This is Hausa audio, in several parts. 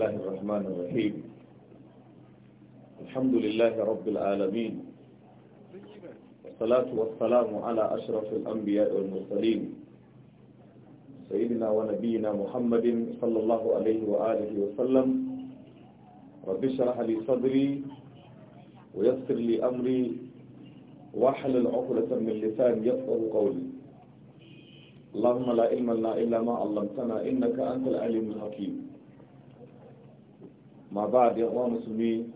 الله الرحمن الرحيم الحمد لله رب العالمين والصلاة والسلام على أشرف الأنبياء والمرسلين سيدنا ونبينا محمد صلى الله عليه وآله وسلم رب اشرح لي صدري ويسر لي أمري واحلل العقلة من لسان يفقه قولي اللهم لا علم لنا إلا ما علمتنا إنك أنت العليم الحكيم ma ba da yawan musulmi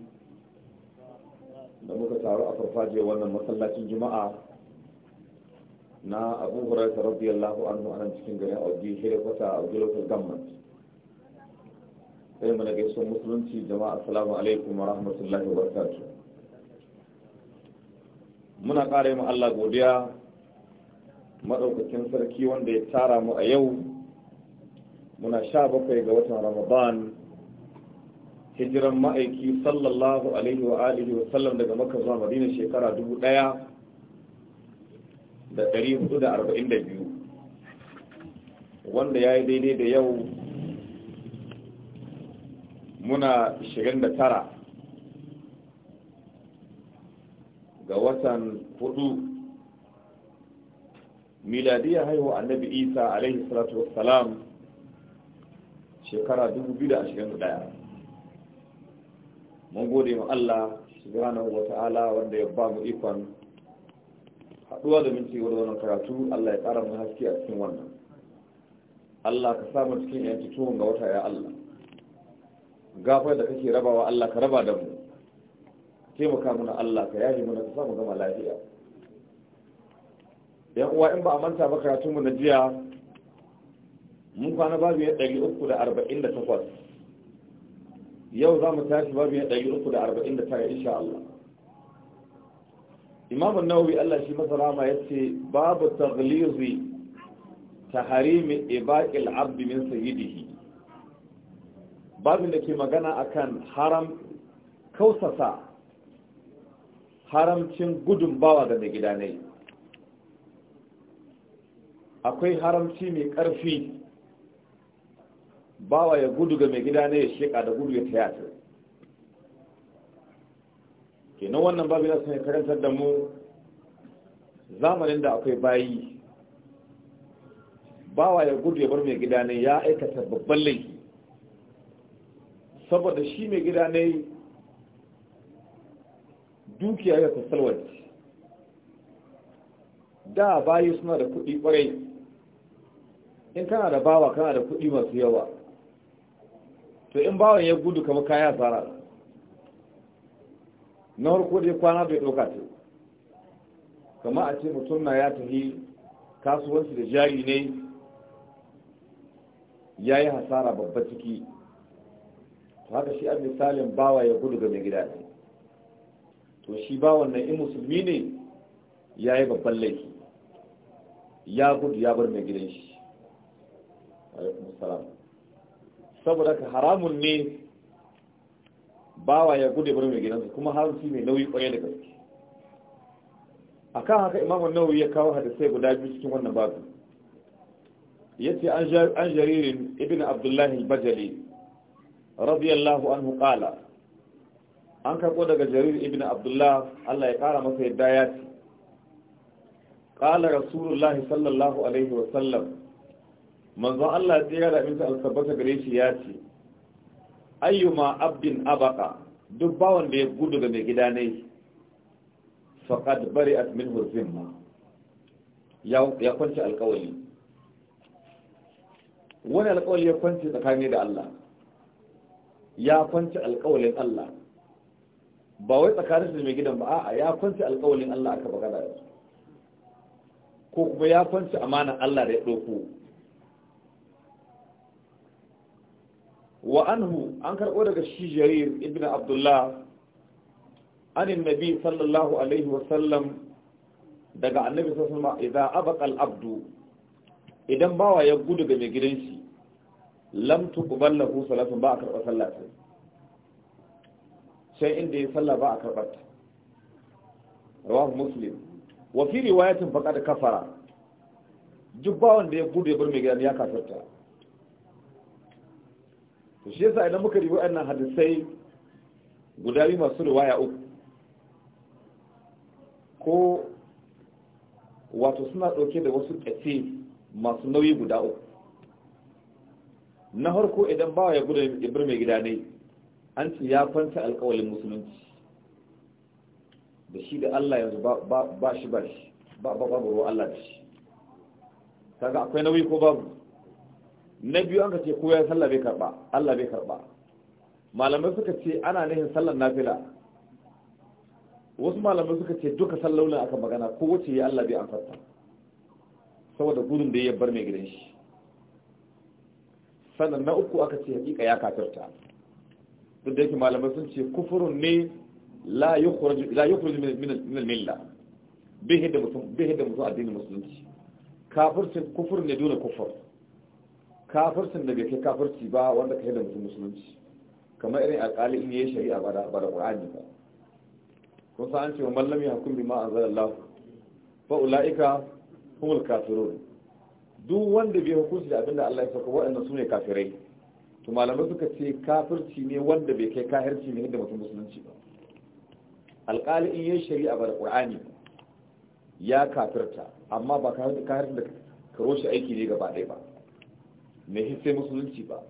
da muka taru a farfaje wannan masallacin juma'a na abu hurairah radiyallahu anhu anan cikin garin audi shirya kwata a wajen local government sai mana gaisuwar musulunci jama'a assalamu alaikum wa rahmatullahi wa barakatuh muna ƙara yi Allah godiya maɗaukacin sarki wanda ya tara mu a yau muna sha bakwai ga watan ramadan hijiran ma'aiki sallallahu alaihi wa alihi wa sallam daga makka zuwa madina shekara dubu da da da hudu arba'in biyu, wanda ya yi daidai da yau muna shirin da tara, ga watan hudu miladiyya haihuwa annabi isa alaihi salatu wasalam shekara dubu biyu da da ashirin ɗaya. mun gode ma Allah subhanahu Ta'ala wanda ya ba mu ikon haɗuwa da minti wani wannan karatu Allah ya tsara mu haske a cikin wannan Allah ka samu cikin yanci tuhun ga wata ya Allah gafar da kake rabawa Allah ka raba da mu taimaka mana Allah ka yaji mana ka samu gama lafiya yan uwa in ba a manta ba karatunmu mu na jiya mun kwana babu ya takwas. yau za mu tashi babu ya ɗari uku da arba'in da tara insha Allah imam nawawi Allah shi masa rama ya ce babu taglizi ta harimi ibaqil abdi min sayyidihi babin da ke magana akan haram kausasa haramcin gudun bawa da mai gida ne akwai haramci mai ƙarfi bawa ya gudu ga mai gida ne ya sheka da gudu ya taya ta nan wannan babu yana sun karantar da mu zamanin da akwai bayi bawa ya gudu ya bar mai gida ne ya aikata babban laifi saboda shi mai gida ne dukiya ya kusurwarci da bayi suna da kuɗi ƙwarai in kana da bawa kana da kuɗi masu yawa to in bawan ya gudu kama kaya tsara na harko da ya kwana bai ɗauka ce kama a ce mutum na ya tafi kasuwanci da jari ne ya yi hasara babba ciki haka shi a misalin bawa ya gudu ga mai gida ne to shi bawan nan in musulmi ne ya yi babban laifi ya gudu ya bar mai gidan shi alaikum salam saboda ka haramun ne bawa ya gude bari mai gidansa kuma shi mai nauyi kwaye da gaske A kan haka imamun nauyi ya kawo hadisai guda biyu cikin wannan babu ce an jaririn ibn abdullahi bajali radiyallahu anhu qala an karɓo daga jaririn ibn abdullah Allah ya kara masa yadda ya ce qala rasulullahi sallallahu alaihi wa sallam manzon Allah ya da min al-sabbata gare shi ya ce ayyuma abdin abaka duk bawan da ya gudu ga mai gida ne faqad bari'at minhu zimma ya ya kwanci alƙawari wani alƙawari ya kwanci tsakani da Allah ya kwanci alƙawarin Allah ba wai tsakanin da mai gidan ba a'a ya kwanci alƙawarin Allah aka bagada ko kuma ya kwanci amana Allah da ya doko wa anhu an karɓo daga shi jarir ibn abdullah anin nabi sallallahu alaihi wasallam daga annabi sassama idan abakal abdu idan bawa ya gudu ga mai gidan shi lamtu kuballa ku salatun ba a karɓar sallah sai inda ya sallah ba a karɓar ta rawahu muslim wafiri fi riwayatin faƙa da kafara duk bawan da ya gudu ya bar mai gidan ya kafirta to shi yasa idan muka ribi wannan hadisai guda biyu masu riwaya uku ko wato suna ɗauke da wasu ƙafe masu nauyi guda uku na harko idan bawa ya gudu ibir mai gida ne an ce ya kwanta alkawalin musulunci da shi da Allah yanzu ba shi ba shi ba babu ruwa Allah da shi kaga akwai nauyi ko babu na biyu an ka ce ko ya sallah bai karba Allah bai karba malamai suka ce ana nihin sallar nafila wasu malamai suka ce duka sallolin aka magana ko wace ya Allah bai amfarta saboda gudun da ya bar mai gidan shi sannan na uku aka ce hakika ya kafirta duk da yake malamai sun ce kufurun ne la yukhraju min al-milla bai hidda mutum bai mutum addinin musulunci kafircin kufur ne dole kufur kafircin da bai kai kafirci ba wanda kai da mutum musulunci kamar irin alƙali in yi shari'a ba da ba ba kun sa'an an ce man bi ma'an zara lafi fa ulaika humul kafirun duk wanda bai hukunci da abinda Allah ya saka waɗannan su ne kafirai to malamai suka ce kafirci ne wanda bai kai kahirci ne da mutum musulunci ba alƙali in yi shari'a ba da Qur'ani ya kafirta amma ba kahirci da karo shi aiki ne gaba ɗaya ba mai sai musulunci ba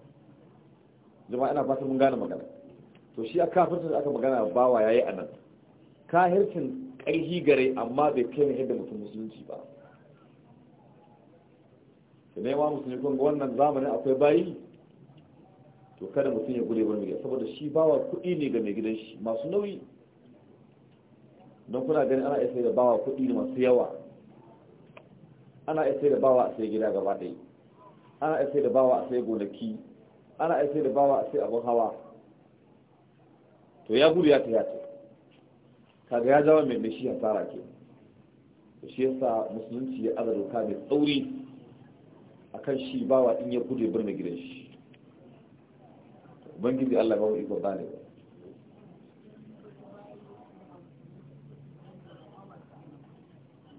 zama ina fata mun gane magana to shi a kafirta da aka magana bawa yayi a nan kahircin ƙarfi gare amma bai kai ne yadda mutum musulunci ba da nema musulmi kun wannan zamanin akwai bayi to kada mutum ya gure wani mai saboda shi bawa kuɗi ne ga mai gidan shi masu nauyi don kuna ganin ana isa da bawa kuɗi ne masu yawa ana isa da bawa a sai gida gaba ɗaya ana aise da bawa a sai gonaki ana aise da bawa a sai abin hawa to ya gudu ya ta kaga ya zama mai shi hasara ke shi yasa musulunci ya aza doka mai tsauri akan shi bawa in ya gudu ya birni gidan shi ubangiji Allah ba mu iko bane ba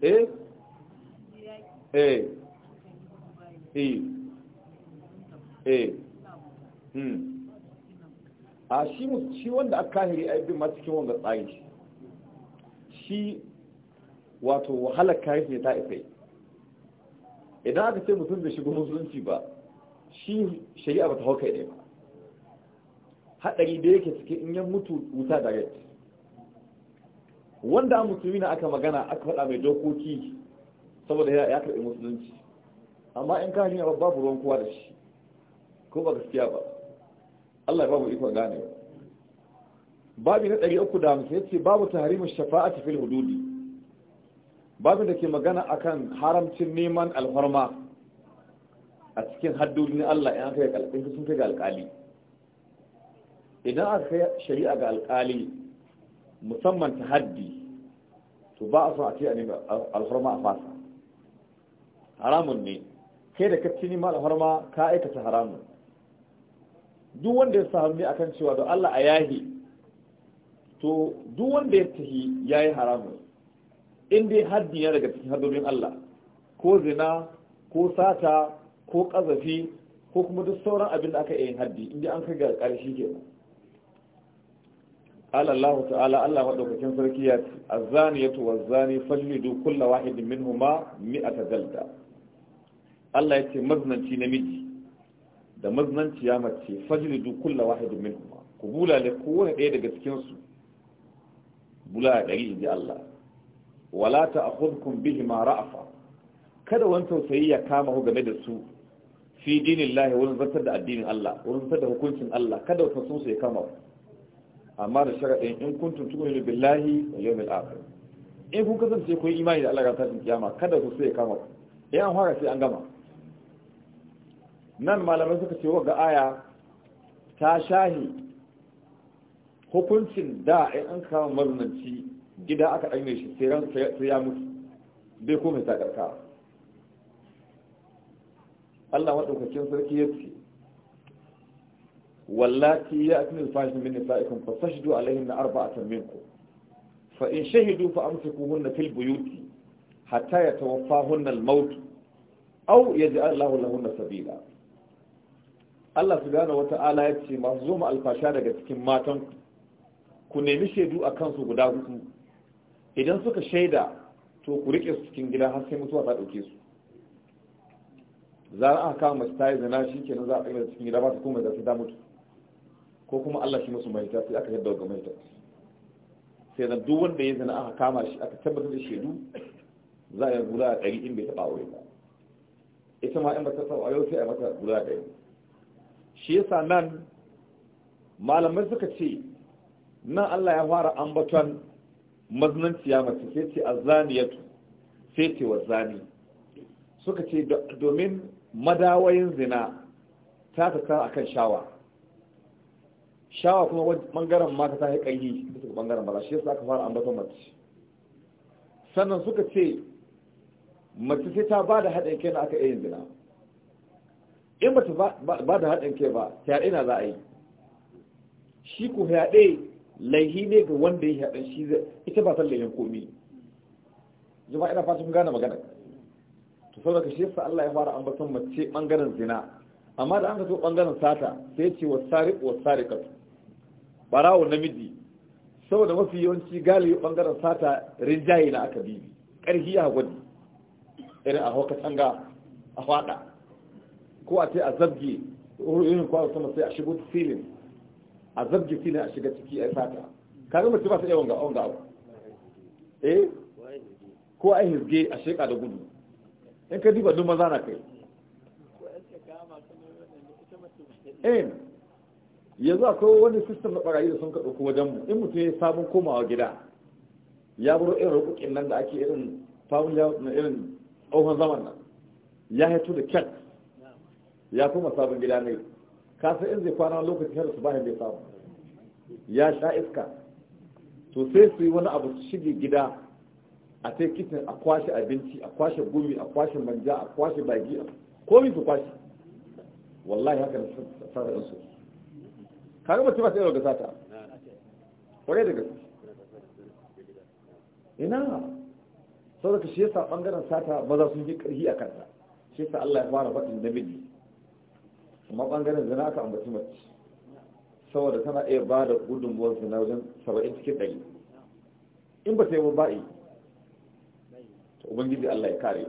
eh eh eh Eh. Hmm. a shi shi wanda aka kahiri a bin masu cikin wanda tsari shi wato wahalar kahiri ne ta ifai idan aka ce mutum bai shigo musulunci ba shi shari'a ba ta hauka ne ba haɗari da yake cikin in yan mutu wuta direct wanda musulmi na aka magana aka faɗa mai dokoki saboda ya karɓi musulunci amma in kahiri ne babu ruwan kowa da shi ko ba gaskiya ba Allah ya babu iko gane babu na 350 yace babu tahrimu shafa'ati fil hududi babu da ke magana akan haramcin neman alhurma a cikin haddodin Allah in kai yi sun kai ga alkali idan aka kai shari'a ga alkali musamman ta haddi to ba a so a ce a nemi alhurma a fasa haramun ne kai da kacci neman alhurma ka aikata haramun duk wanda ya samu akan cewa da Allah a yahi to duk wanda ya tahi yayi haramun in dai haddi ya daga cikin haddodin Allah ko zina ko sata ko kazafi ko kuma duk sauran abin da aka yi haddi in dai an kai ga ƙarshe kenan قال الله تعالى الله ودوكين سركي الزانية والزاني فجلدوا كل واحد منهما مئة جلدة الله يتي مزنن شي نمجي da maznanciya mace duk kulla min minhum ku bulale kowane ɗaya daga cikin su bula ɗari inji Allah wala ta bihi ma ra'afa kada wani tausayi ya kama ku game da su fi dinillahi wurin zartar da addinin Allah wurin zartar da hukuncin Allah kada wata sun su ya kama ku amma da sharaɗin in kuntum tu'minu billahi wal yawmil akhir in kun kasance kun imani da Allah ga tashin kiyama kada ku sai ya kama ku in an fara sai an gama nan malamai suka ce ga aya ta shahi hukuncin da a an kama mazinanci gida aka ɗanye shi tseren ya mutu bai kome ta ƙarƙa Allah maɗaukacin sarki ya ce wallaki ya atin alfashin min shi fasashdu alaihin na arba'atan minku fa in shahidu fa hunna fil buyuti hatta yatawaffahunna al-maut aw yaj'al Allahu lahunna sabila Allah subhanahu wata'ala ya ce masu zo mu alfasha daga cikin matan ku nemi shaidu a kansu guda hudu idan suka shaida to ku rike su cikin gida har sai mutuwa ta dauke su za a kama mace ta yi zina shi ke nan za a tsaye cikin gida ba ta koma da ta mutu ko kuma Allah shi musu mahita sai aka yadda ga ta sai da duk wanda ya zina aka kama shi aka tabbatar da shaidu za a yi gura a ɗari in bai taɓa aure ba ita ma in ba ta taɓa aure sai a mata gura a ɗari shi yasa nan malamai suka ce nan Allah ya fara ambaton maznanciya mace sai ce azaniyatu sai ce wazani suka ce domin madawayin zina ta taka akan shawa shawa kuma bangaren mata ta yi ƙanyi bisa bangaren ba shi yasa aka fara ambaton mace sannan suka ce mace sai ta ba da haɗin kai na aka yin zina in ba ta ba da haɗin kai ba fyaɗe na za a yi shi ku fyaɗe laihi ne ga wanda ya haɗin shi ita ba san laihin komi jama'a ina fatan gane magana to saboda ka shi Allah ya fara ambaton mace bangaren zina amma da an ka so bangaren sata sai ce wa sariq wa sariqat barawo namiji saboda mafi yawanci galibi bangaren sata rinjaye na aka bi karhi ya gwadi irin a hawka tanga a faɗa ko a ce a zabge irin kwanon sama sai a shigo filin a zabge filin a shiga ciki a fata kare mace ba su yawan ga'on wanga eh ko a hizge a sheka da gudu in ka duba duk maza na kai eh yanzu akwai wani sistem na barayi da sun ka ɗauki wajen mu in mutum ya sabon komawa gida ya buro irin rukukin nan da ake irin fawon ya na irin tsohon zaman nan ya haito da kyan ya kuma sabon gida mai ka san in zai kwana lokaci har su bayan bai samu ya sha iska to sai su yi wani abu su shige gida a sai kitin a kwashe abinci a kwashe gumi a kwashe manja a kwashe bagi komi su kwashe wallahi haka da sarrafin su kaga mace ba sai yau gasa ta kwarai da su. ina saboda shi yasa bangaren sata maza sun yi karhi a kanta shi yasa Allah ya fara faɗin namiji amma bangaren zina aka ambaci mace saboda tana iya ba da gudunmuwar zina wajen saba'in cikin ɗari in ba ta yi ba ba'i ta ubangiji allah ya kare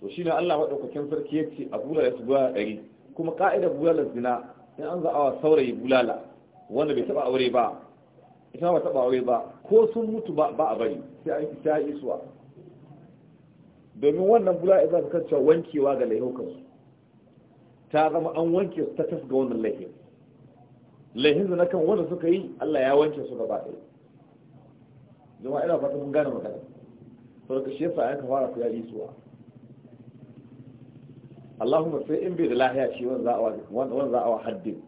to shi ne allah maɗaukakin sarki ya ce a bulala su bulala ɗari kuma ka'idar bulala zina in an za'awa saurayi bulala wanda bai taɓa aure ba ita ba taɓa aure ba ko sun mutu ba a bari sai an isuwa domin wannan bulala za ta kacce wankewa ga laihukansu ta zama an wanke status ga wannan laifin laifin na kan wanda suka yi Allah ya wanke su gaba ɗaya zama ina fata mun gane magana sau da shi yasa an ka fara fiya isuwa Allahumma sai in bai da lahiya shi wanda za a wa haddin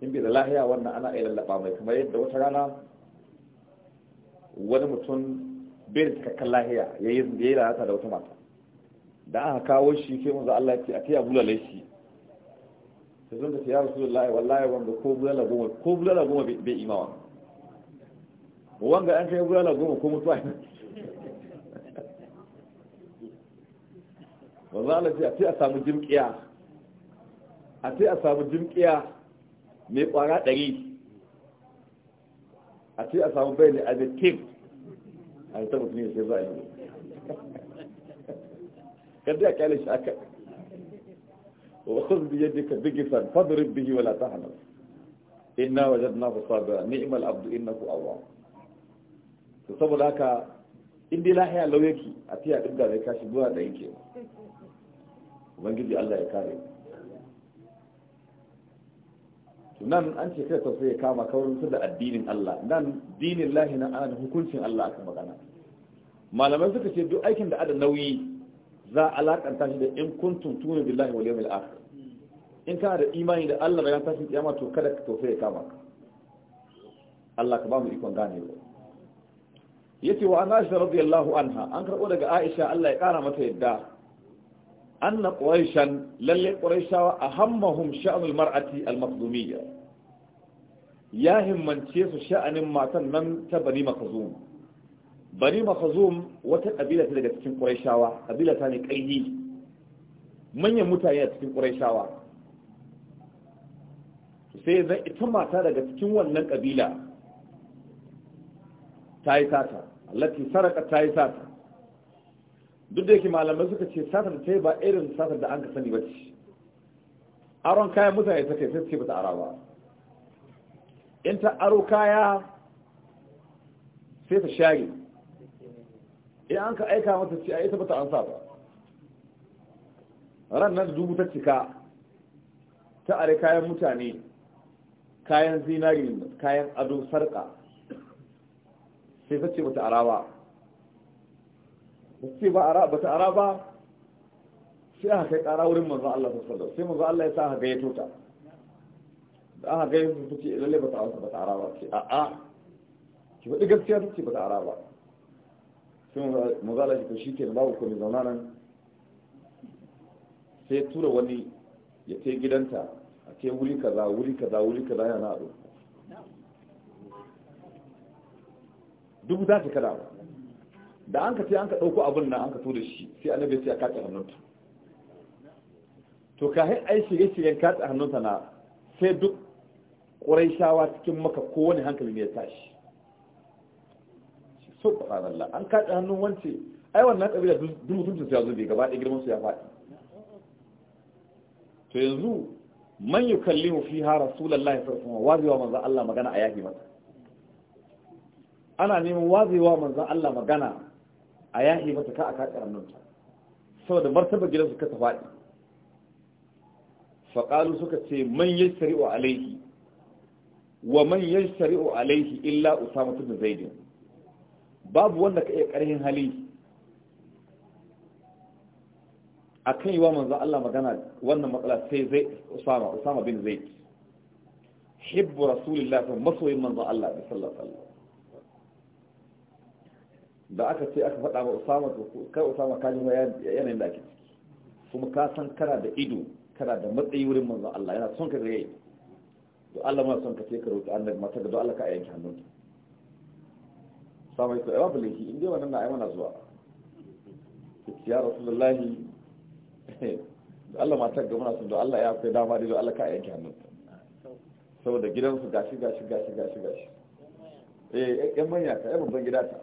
in bai da lahiya wannan ana iya lallaba mai kamar yadda wata rana wani mutum bai da cikakken lahiya ya yi lalata da wata mata da aka kawo shi sai manzo Allah ya ce a taya bulale shi sai da tafi ya rasu lallahi wallahi wanda ko bulala goma ko bulala goma bai imawa wanga an kai bulala goma ko mutuwa ne wanzu ala ce a ce a samu jimkiya a ce a samu jimkiya mai kwara ɗari a ce a samu bai ne a da kim a yi ta mutum ya ce za a yi kada ya kyale shi aka وخذ بيدك بجفا فاضرب به ولا تهنف إنا وجدناه صابرا نعم العبد إنه أواب saboda haka in dai lahiya lauyaki a tiya ɗin da kashi zuwa da yake ubangiji Allah ya kare nan an ce kai sosai kama kawai su da addinin Allah nan dinin lahi ana hukuncin Allah aka magana malamai suka ce duk aikin da ada nauyi za a alakanta shi da in kuntun tu'minu billahi wal yawmil akhir in kana da imani da Allah bayan tashin kiyama to kada ka tofe kama Allah ka ba mu ikon ganewa yace wa Aisha radiyallahu anha an karbo daga Aisha Allah ya kara mata yadda anna quraishan lalle quraishawa ahammahum sha'nul mar'ati al-maqdumiyya ya himmance su sha'anin matan nan ta bani makazuma bani mafazum wata kabila ta daga cikin ƙuraishawa kabila ta ne ƙaihi manyan mutane a cikin ƙuraishawa sai zan ita mata daga cikin wannan kabila ta yi sata allati saraka ta yi sata duk da yake malamai suka ce satar ta yi ba irin satar da an ka sani ba ce aron kayan mutane ta kai sai suke bata araba in ta aro kaya sai ta share in an ka aika mata ce a ita bata ansa ba ran nan dubu ta cika ta are kayan mutane kayan zinari kayan ado sarka sai ta ce bata araba ba ce ba ara bata araba sai aka kai kara wurin manzo Allah sallallahu alaihi wasallam sai manzo Allah ya sa aka yato ta da aka gayyato ta ce lalle bata araba ba ce a'a ki faɗi gaskiya ta ce bata araba ba sun mazala shi ko shi ke babu ko mai zauna nan sai tura wani ya ce gidanta a ce wuri kaza wuri kaza wuri kaza yana na ɗauka duk za ta kada ba da an ka ce an ka ɗauko abin nan an ka tura shi sai annabi sai a kaɗe hannunta to ka a yi shige-shigen kaɗe hannunta na sai duk ƙurai shawa cikin maka kowane hankali ne ya tashi subhanallah an kaɗe hannun wance ai wannan kabila duk mutuncin su ya zube gaba ɗaya girman su ya faɗi to yanzu man yukallimu fiha rasulullahi sallallahu alaihi wasallam wazewa manzo Allah magana a yafi masa ana neman wazewa manzo Allah magana a yafi masa ka a kaɗe hannunta saboda martaba gidansu ka ta faɗi faƙalu suka ce man yashari'u alaihi wa man yashari'u alaihi illa usama ibn zaidin babu wanda ka iya ƙarhin hali a kan yi wa manzan Allah magana wannan matsala sai zai usama usama bin zai hibbu rasulillah kan masoyin manzan Allah da sallallahu da aka ce aka faɗa ba usama kai usama ka ji yanayin da ake ciki kuma ka san kana da ido kana da matsayi wurin manzan Allah yana son ka ga yayi to Allah ma son ka ce ka roƙi annabi mata da Allah ka ayyanki hannunka sa mai babu laifi inda yawan nan na aimana zuwa da allah matar ga muna sun da allah ya kai dama da allah ka hannun saboda gidansu gashi gashi gashi gashi gashi eh, eh yan manya yan babban gida ta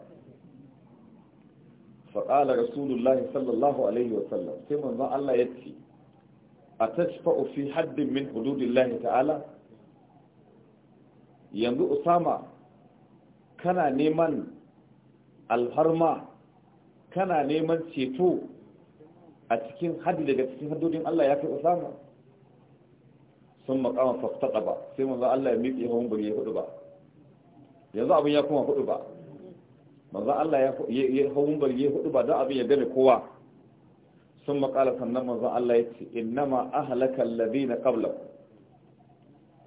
faƙala rasulullahi sallallahu alaihi wa sallam sai allah ya ce a tashfa'u fi haddin min hududillahi ta'ala yanzu usama kana neman Alharma kana neman ceto a cikin hadi daga cikin haddodin Allah ya fi usama sun makama faftaka ba sai manzo Allah ya miƙe hawan bari ya hudu ba yanzu abin ya kuma hudu ba maza Allah ya hawan bari ya hudu ba don abin ya gane kowa sun makala sannan manzo Allah ya ce innama ahlaka na qablakum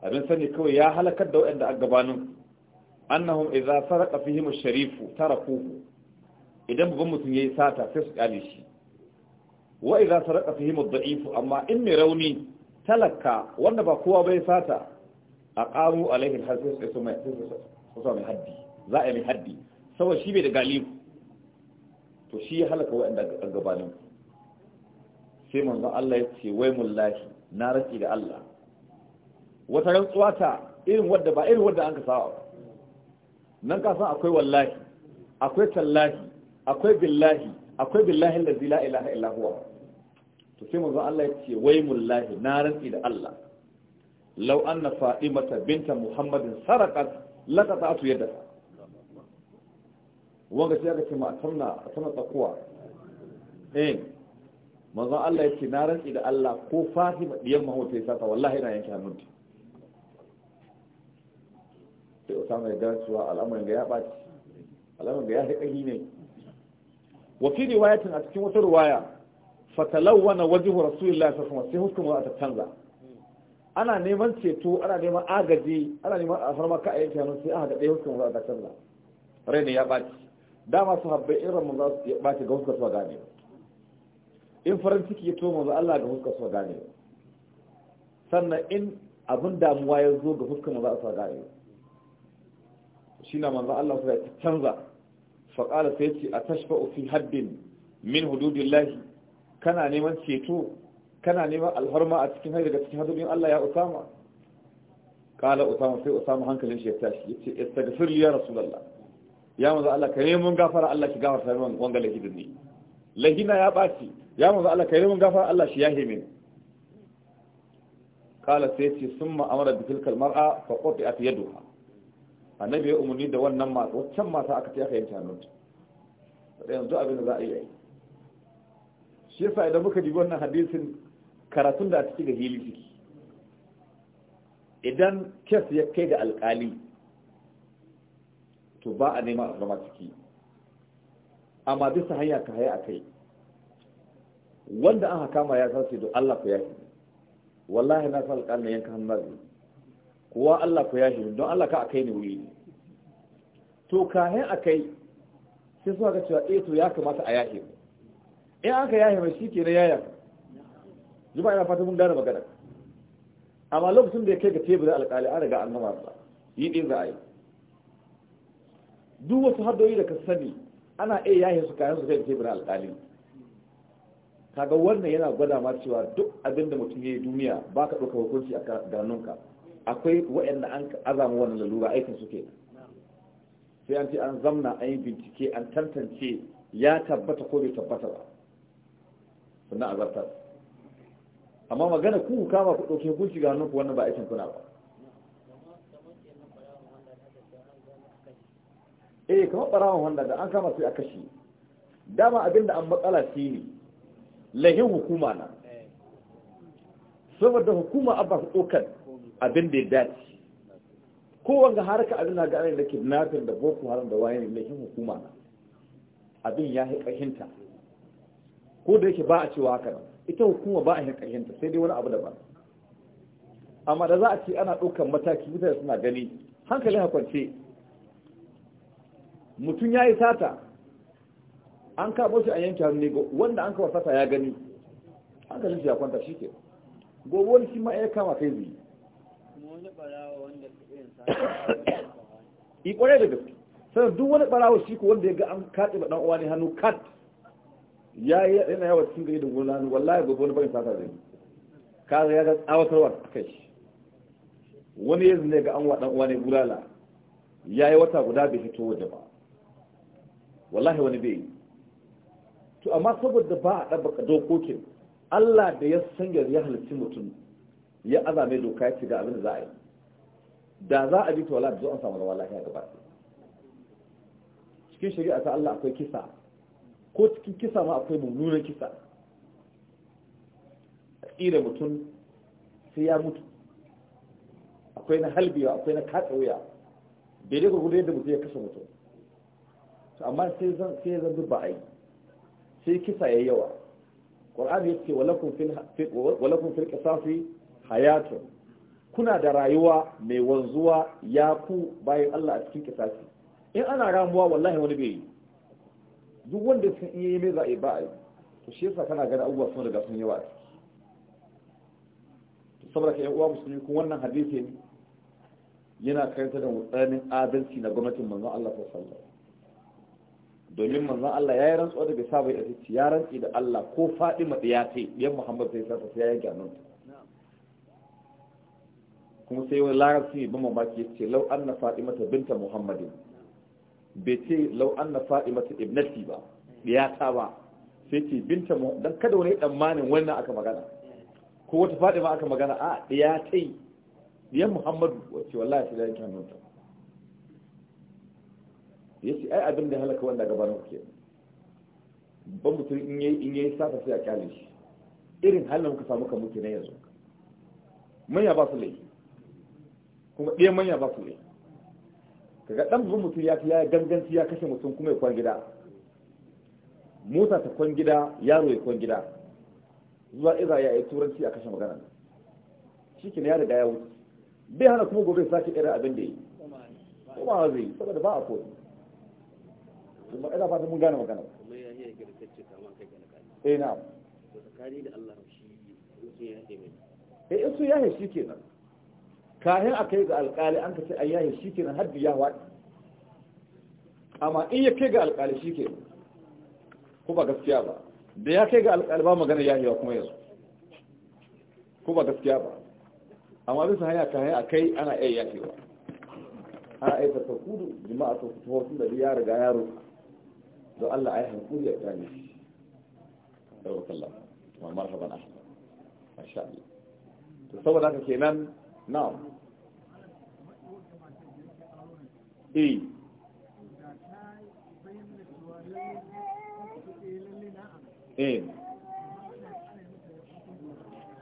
abin sani kawai ya halakar da waɗanda a gabanin annahum idza sarqa fihim ash-sharif tarakuhu idan babban mutum yayi sata sai su kale shi wa idza sarqa fihim ad-da'if amma in mai rauni talaka wanda ba kowa bai sata aqamu alayhi al-hasis su mai haddi za a yi haddi saboda shi bai da galibu to shi ya halaka wa'anda gabanin sai manzon Allah ya ce wai mullahi na rantsi da Allah wata rantsuwa ta irin wadda ba irin wadda an ka sawa nan ka san akwai wallahi akwai tallahi akwai billahi akwai billahi allazi la ilaha illahuwa. huwa to sai manzo Allah ya ce wai mullahi na rantsi da Allah Lau an na faɗi mata binta muhammadin sarakat laqata'tu yadaha wanga sai aka ce ma a atamna tsakuwa eh manzo Allah ya ce na rantsi da Allah ko fatima diyan mahauta ya sata wallahi ina yanke hannunta sai usama ya gane cewa al'amarin ga ya ɓaci al'amarin ga ya haƙari ne wa fi riwayatin a cikin wata riwaya fatalawwana wajen rasulillahi sallallahu alaihi wasallam sai hukumar ta canza ana neman ceto ana neman agaji ana neman a farma ka ayyuka nan sai aka dai hukumar ta canza rai ne ya ɓaci dama su habbai in ramadan ya ɓaci ga hukumar su gane in farin ciki ya tomo za Allah ga hukumar su gane sannan in abin damuwa ya zo ga hukumar za su gane shi na manzan Allah su zai canza faƙala sai ce a tashfa fi haddin min hududin lahi kana neman ceto kana neman alharma a cikin hari daga cikin hadudin Allah ya usama ƙala usama sai usama hankalin shi ya tashi ya ce istagfir ya rasu rasulallah ya manzan Allah ka neman gafara Allah ki gafarta min wanga lahi dinni lahina ya ɓaci ya manzan Allah ka neman gafara Allah shi ya heme ƙala sai ce summa amara bi tilkal mar'a fa qati'at yaduha annabi ya umarni da wannan masu waccan mata aka ce aka yanke hannunta da yanzu abin da za a yi shi yasa idan muka ji wannan hadisin karatun da a ciki ga hili ciki idan kes ya kai ga alkali to ba a nema a zama ciki amma bisa hanya ka haya a kai wanda an haka ma ya san sai don Allah ku yaki wallahi na san na yanka hannun kowa Allah ku yashi don Allah ka a kai ni wuri to kayan a kai sai suka ga cewa eh to ya kamata a yashi in aka yashi mai shi ke na yaya zuba ina fata mun gane magana amma lokacin da ya kai ga teburin alƙali an riga an gama ba yi ɗin za a yi duk wasu haddoyi da ka sani ana iya yahe su kayan su kai teburin alƙali kaga wannan yana gwada ma cewa duk abin da mutum ya yi duniya ba ka ɗauka hukunci a garanunka akwai waɗanda an azama wannan lalura aikin su kenan sai an ce an zamna an yi bincike an tantance ya tabbata ko bai tabbata ba sannan a zartar amma magana ku kama ku ɗauke hukunci ga hannunku wannan ba aikin kuna ba eh kamar ɓarawan wanda da an kama sai a kashe dama abinda an matsala shi ne lahin hukuma na saboda hukuma abba su ɗaukar abin da ya dace kowane ga harka abin na gane da kidnapping da boko haram da wayan laifin hukuma na abin ya haƙahinta ko da yake ba a cewa haka nan ita hukuma ba a haƙahinta sai dai wani abu daban amma da za a ce ana ɗaukar mataki mutane suna gani hankali kwance. mutum ya yi sata an kamo shi a yanki hannu ne wanda an kawo sata ya gani hankalin shi ya kwanta shi ke gobe wani shi ma ya kama kai zai yi da gaske sai duk wani barawa shi ko wanda ya ga an kaɗe ba ɗan'uwa ne hannu kat ya yi yana yawa cikin gari da gona hannu wallahi gobe wani barin sata zai kaza ya ga tsawatarwa kai wani yanzu ne ga an wa ɗan ne bulala ya yi wata guda bai fito waje ba wallahi wani bai yi to amma saboda ba a ɗabbaka dokokin Allah da ya sanya ya halittu mutum ya azame doka ya ce ga abin da za a yi da za a bi tawala da zo an samu zama lafiya gaba cikin shari'a ta Allah akwai kisa ko cikin kisa ma akwai mummunan kisa a tsira mutum sai ya mutu akwai na halbiya akwai na katsa bai dai gurgudu yadda mutum ya kashe mutum amma sai sai zan duba ai sai kisa ya yawa ƙwar'an ya fil walakun fil qisasi hayatun kuna da rayuwa mai wanzuwa ya ku bayan Allah a cikin kisasi in ana ramuwa wallahi wani bai yi duk wanda sun iya yi mai za'a ba a yi to shi yasa kana gani abubuwa sun riga sun yawa a ciki saboda ka yan uwa musulmi kun wannan hadisi ne yana karanta da mutsanin adalci na gwamnatin manzon Allah ta alaihi domin manzon Allah ya yi rantsuwa da bai saba ya rantsi da Allah ko Fadima ɗiya ce ɗiyan Muhammad sai sa ta yanke kuma sai wani larabci ne ban mamaki ya ce lau an na mata binta muhammadin bai ce lau an na mata ibnati ba ta ba sai ce binta mu don kada wani tsammanin wannan aka magana ko wata faɗi ma aka magana a yi. ya muhammadu wacce wallahi shi da yake hannunta ya ce ai abin da halaka wanda gabanin ku ke ban mutum in yi in yi safa sai a kyale shi irin halin muka samu kan mutu na yanzu manya ba su laifi kuma ɗaya manya ba su ne kaga dan buhun mutum ya ya ganganci ya kashe mutum kuma ya kwan gida mota ta kwan gida yaro ya kwan gida zuwa iza ya yi turanci a kashe magana shi ke ya riga ya wuce bai hana kuma gobe sake irin abin da yi kuma zai saboda ba a koyi kuma ina fata mun gane magana eh na eh in su ya shi kenan kahin a kai ga alƙali an ka ce a yahi shi ke nan haddi ya waɗi amma in ya kai ga alƙali shi ke ko ba gaskiya ba da ya kai ga alƙali ba magana yahi wa kuma yanzu ko ba gaskiya ba amma bisa hanya kahin a kai ana iya yahewa ana iya ta kudu jima'a ta fito sun da ya riga yaro don Allah ai hankuri ya gane shi ɗaukakallah wa marhaban ahmad masha to saboda haka kenan na'am eh eh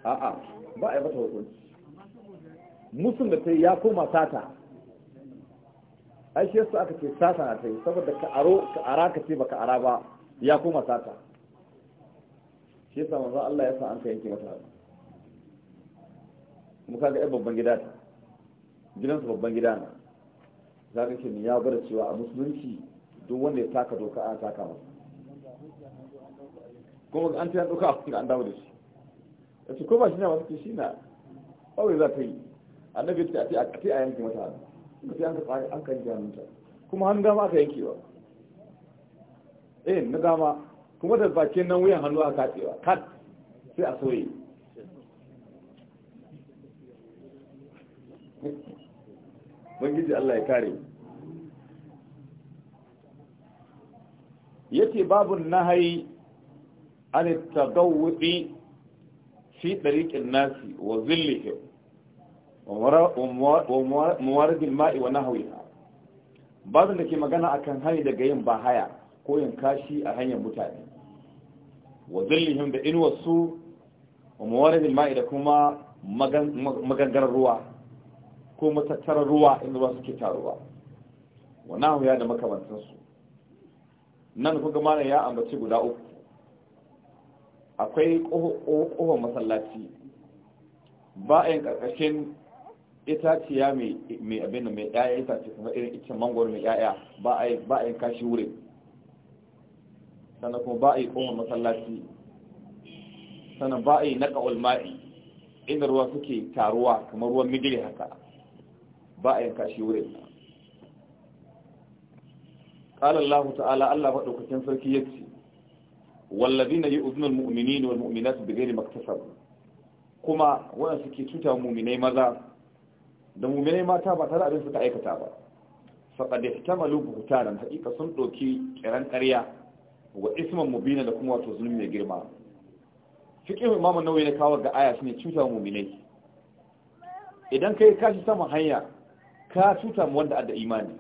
a'a ba a yi mata hukunci musun da ta ya koma sata ai su aka ce sata na ta yi saboda ka aro ka ara ka ce ka ara ba ya koma sata shi yasa manzo Allah ya sa an ka yanke mata Muka ga ‘yar babban gida ta gidansu babban gida na za ka ke ya bar cewa a musulunci duk wanda ya taka doka a taka masa kuma an ta doka ga an dawo da shi a ce ko ba shi ne wasu shi na kawai za ta yi annabi ta ce a kace a yanke mata hannu sai an ka tsari an kan ta kuma hannun dama aka yanke ba eh na dama kuma da bakin nan wuyan hannu aka ba kat sai a soye bangiji Allah ya kare yake babun nahayi an tadawwi fi tariqin nasi wa zillihi wa muwarad al-ma'i wa nahwiha babun da ke magana akan hani daga yin bahaya ko yin kashi a hanyar mutane wa zillihim da inwasu wa muwarad mai da kuma magangarar ruwa ko matattarar ruwa in ruwa suke taruwa wannan ya da makamantansu nan kuka mana ya ambaci guda uku akwai ƙofar masallaci ba a yin ƙarƙashin itaciya mai abin da mai ɗaya itace kuma irin icen mangoro mai ɗaya ba a yin kashi wuri sannan kuma ba a yi ƙofar masallaci sannan ba a yi naƙa ulma'i inda ruwa suke taruwa kamar ruwan migili haka ba a yanka shi wurin ƙalar Allah ta'ala Allah ɗaukacin sarki na yace wallazina yu'zuna almu'minina walmu'minatu bighairi maktasab kuma wannan suke cuta mu'minai maza da mu'minai mata ba tare abin suka aikata ba ta malu buhuta da haqiqa sun doki ƙiran ƙarya wa isman mubina da kuma wato zulmi mai girma fiqh imaman nauyi na ne kawo ga aya shine cuta mu'minai idan kai kashi sama hanya ka cuta mu wanda da imani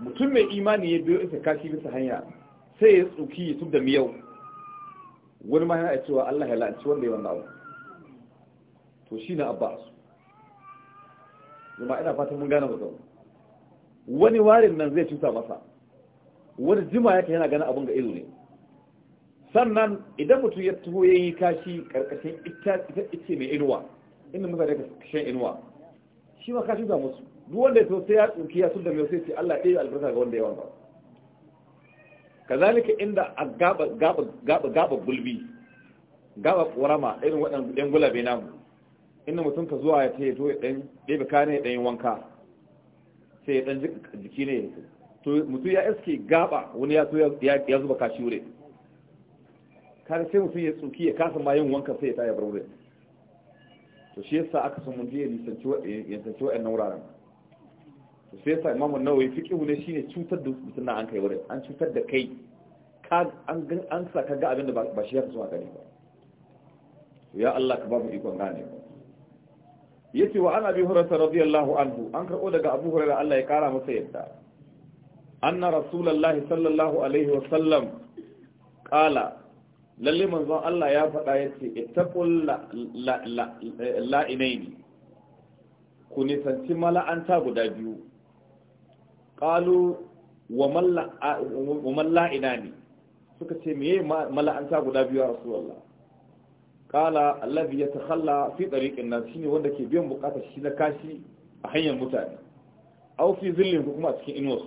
mutum mai imani ya biyo isa kashi bisa hanya sai ya tsuki ya da miyau wani ma yana cewa Allah ya la'anci wanda ya wanda to shi na abbas zama ina fatan mun gane mutum wani warin nan zai cuta masa wani jima yake yana gana abin ga ido ne sannan idan mutum ya tuho ya yi kashi karkashin ita ce mai inuwa inda mutane ka shan inuwa shi ma ka shuka musu duk wanda ya so sai ya tsoki ya tunda mai sai ce Allah yi albarka ga wanda ya wanda kazalika inda a gaba gaba gaba gaba gulbi gaba ƙorama irin waɗannan ɗan gulabe namu inda mutum ka zuwa ya taya to ya ɗan ɗebe kane ya ɗan wanka sai ya ɗan jiki ne to mutum ya iske gaba wani ya ya zuba kashi wuri kada sai mutum ya tsuki ya kasa ma yin wanka sai ya taya bar wurin to shi yasa aka san mun je ya tsanci ɗan wuraren to shi yasa imamu ya fiqhu ne shine cutar da mutum na an kai wurin an cutar da kai ka an an sa ga abin da ba shi ya so a gani ba ya Allah ka ba mu ikon gane ba yace wa ana bi hurairah radiyallahu anhu an karɓo daga abu hurairah Allah ya kara masa yadda anna rasulullahi sallallahu alaihi wa sallam qala lalle manzon Allah ya faɗa ya ce ittaqul ne ku nisanci mala'anta guda biyu qalu wa man la'inani suka ce meye mala'anta guda biyu ya rasulullah qala allazi yatakhalla fi tariqin nas shine wanda ke biyan bukatar shi na kashi a hanyar mutane aw fi zillin kuma a cikin inuwar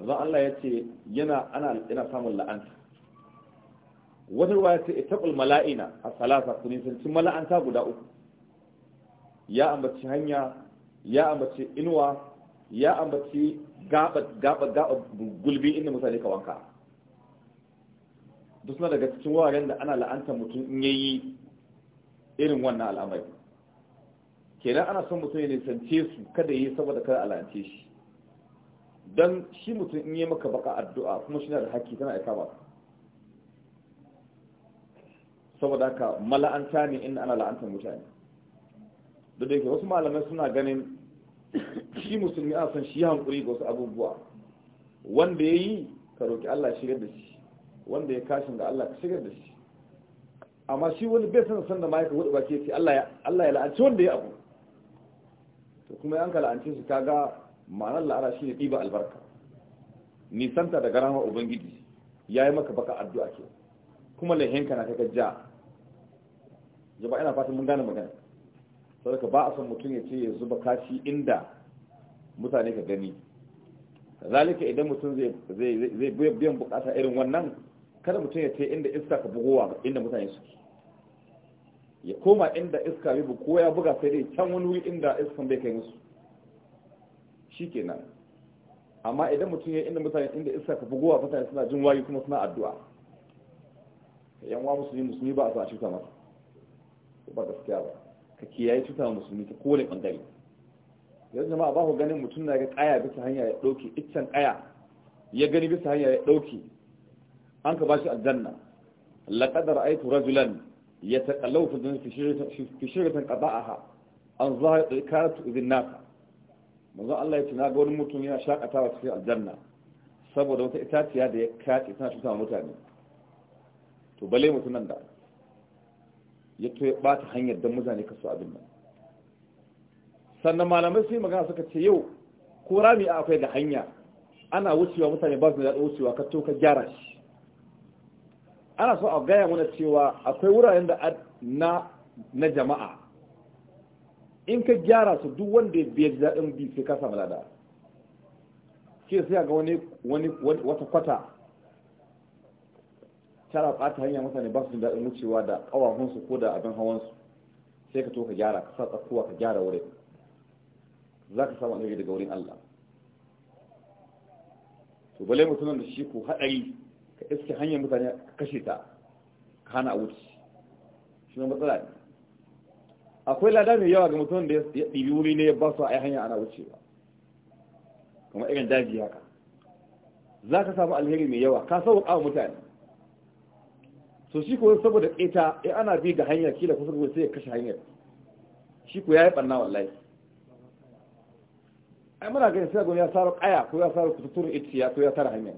manzon Allah ya ce yana ana samun la'anta wata ruwa ce itaqul mala'ina a salasa ku nisanci mala'anta guda uku ya ambaci hanya ya ambaci inuwa ya ambaci gaba gaba gaba gulbi inda misali ka wanka duk suna daga cikin wuraren da ana la'anta mutum in yayi irin wannan al'amari kenan ana son mutum ya nisance su kada yi saboda kada al'ance shi don shi mutum in yi maka baka addu'a kuma shi na da haƙƙi tana aika ba saboda haka mala'anta ne inda ana la'anta mutane da da yake wasu malamai suna ganin shi musulmi a san shi hankuri ga wasu abubuwa wanda ya yi ka roƙi Allah shigar da shi wanda ya kashin da Allah ka shigar da shi amma shi wani bai san san da ma'aikata hudu ba ke ce Allah ya la'anci wanda ya abu to kuma yanka la'anci su kaga ma'anar la'ara shi ne ɗiba albarka nisanta da garama ubangiji ya yi maka baka addu'a ke kuma lahinka na ta ja jama'a ina fatan mun gane magana saboda ba a son mutum ya ce ya zuba kashi inda mutane ka gani zalika idan mutum zai zai biyan bukata irin wannan kada mutum ya ce inda iska ka bugowa inda mutane su ya koma inda iska bai ko ya buga sai dai can wani wuri inda iskan bai kai musu shikenan amma idan mutum ya inda mutane inda iska ka bugowa mutane suna jin wayi kuma suna addu'a yan wa musulmi musulmi ba a sa shi masa ba gaskiya ba ka kiyaye cuta musulmi ta kowane bangare yanzu jama'a ba ku ganin mutum na ga kaya bisa hanya ya dauke iccen kaya ya gani bisa hanya ya dauke an ka bashi aljanna laqad ra'aytu rajulan yataqallaw fi jannati fi shirkatin qada'aha an zahir karatu idin nasa manzo Allah ya ce na ga wani mutum yana shakatawa cikin aljanna saboda wata itaciya da ya kace tana cuta mutane to bale mutum nan da ya to ya bata hanyar don mutane kasu abin nan sannan malamai sai magana suka ce yau ko rami a akwai da hanya ana wucewa mutane ba su da wucewa ka to ka gyara shi ana so a gaya mana cewa akwai wuraren da na na jama'a in ka gyara su duk wanda ya biya daɗin bi sai ka samu lada ke sai ga wani wata kwata tara ɓata hanya mutane ba su da daɗin wucewa da ƙawafinsu ko da abin hawansu sai ka to ka gyara ka sa tsakuwa ka gyara wurin za ka samu alheri daga wurin Allah to bale mutunan da shi ko haɗari ka iske hanyar mutane ka kashe ta ka hana a wuce shi ne matsala ne akwai lada mai yawa ga mutumin da ya ɗibi wuri ne ya ba su a yi hanya ana wucewa kamar irin daji haka za ka samu alheri mai yawa ka sauƙa wa mutane to shi ko saboda ita ya ana bi ga hanyar kila kusa ko sai ya kashe hanyar shi ko yayi ɓanna wallahi ai muna ganin sai ya saro kaya ko ya saro kututur itiya ko ya tara hanyar